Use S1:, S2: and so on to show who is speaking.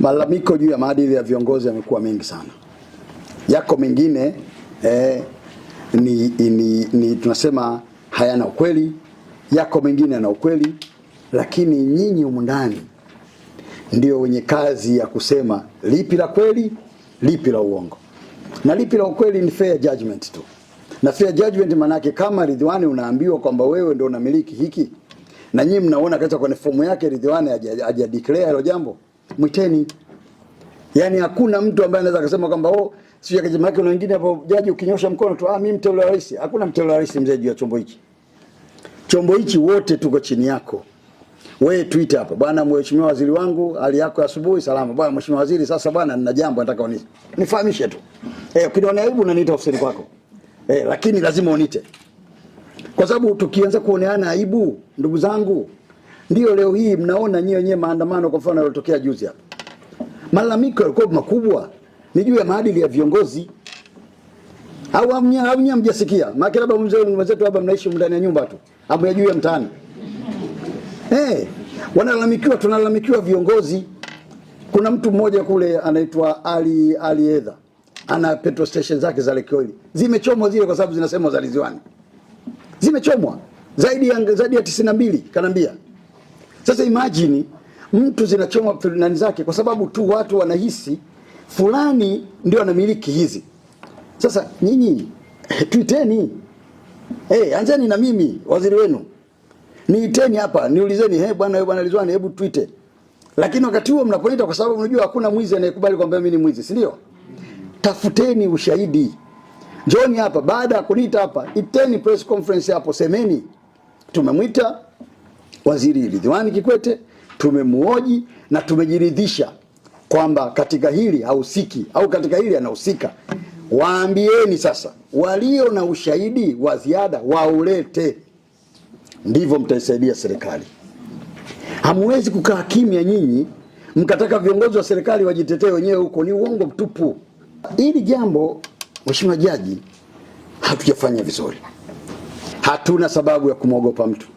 S1: Malalamiko juu ya maadili ya viongozi yamekuwa mengi sana, yako mengine eh, ni, ni, ni tunasema hayana ukweli, yako mengine yana ukweli, lakini nyinyi humu ndani ndio wenye kazi ya kusema lipi la kweli, lipi la uongo na lipi la ukweli. Ni fair judgment tu, na fair judgment maanake, kama Ridhiwani unaambiwa kwamba wewe ndio unamiliki hiki na nyinyi mnaona kabisa kwenye fomu yake Ridhiwani haja hilo jambo mwiteni. Yani hakuna mtu ambaye anaweza kusema kwamba oh, si ya kijamaa yake na wengine hapo, jaji ukinyosha mkono tu, ah, mimi mteule wa rais. Hakuna mteule wa rais mzee juu ya chombo hiki. Chombo hiki wote tuko chini yako. Wewe Tuite hapa, bwana mheshimiwa waziri wangu, hali yako asubuhi salama. Bwana mheshimiwa waziri, sasa bwana nina jambo nataka uniite. Nifahamishe tu. Eh, ukiona aibu unaniita ofisini kwako. Eh, lakini lazima unite. Kwa sababu tukianza kuoneana aibu, ndugu zangu, ndio leo hii mnaona nyewe nyewe maandamano kwa mfano yalotokea juzi hapa. Malalamiko yalikuwa makubwa ni juu ya maadili ya viongozi. Au amnya mjasikia. Maana labda mzee wenzetu hapa mnaishi ndani ya nyumba tu. Hapo ya juu ya mtaani. Eh, hey, wanalalamikiwa tunalalamikiwa viongozi. Kuna mtu mmoja kule anaitwa Ali Ali Edha. Ana petrol station zake za Lake Oil. Zimechomwa zile kwa sababu zinasemwa za Liziwani. Zimechomwa zaidi ya zaidi ya 92 kanambia. Sasa imagine mtu zinachoma fulani zake kwa sababu tu watu wanahisi fulani ndio anamiliki hizi. Sasa nyinyi tuiteni, eh, anzeni na mimi waziri wenu, niiteni hapa niulizeni, he bwana, bwana Ridhiwani, hebu tuite. Lakini wakati huo mnapoita, kwa sababu unajua hakuna mwizi anayekubali kwamba mimi ni mwizi, si ndio? Tafuteni ushahidi, njoni hapa. Baada ya kuniita hapa, iteni press conference hapo, semeni tumemwita Waziri Ridhiwani Kikwete, tumemuoji na tumejiridhisha kwamba katika hili hahusiki au katika hili anahusika. Waambieni sasa, walio na ushahidi wa ziada waulete, ndivyo mtaisaidia serikali. Hamwezi kukaa kimya nyinyi mkataka viongozi wa serikali wajitetee wenyewe huko, ni uongo mtupu. Hili jambo Mheshimiwa Jaji, hatujafanya vizuri. Hatuna sababu ya kumwogopa mtu.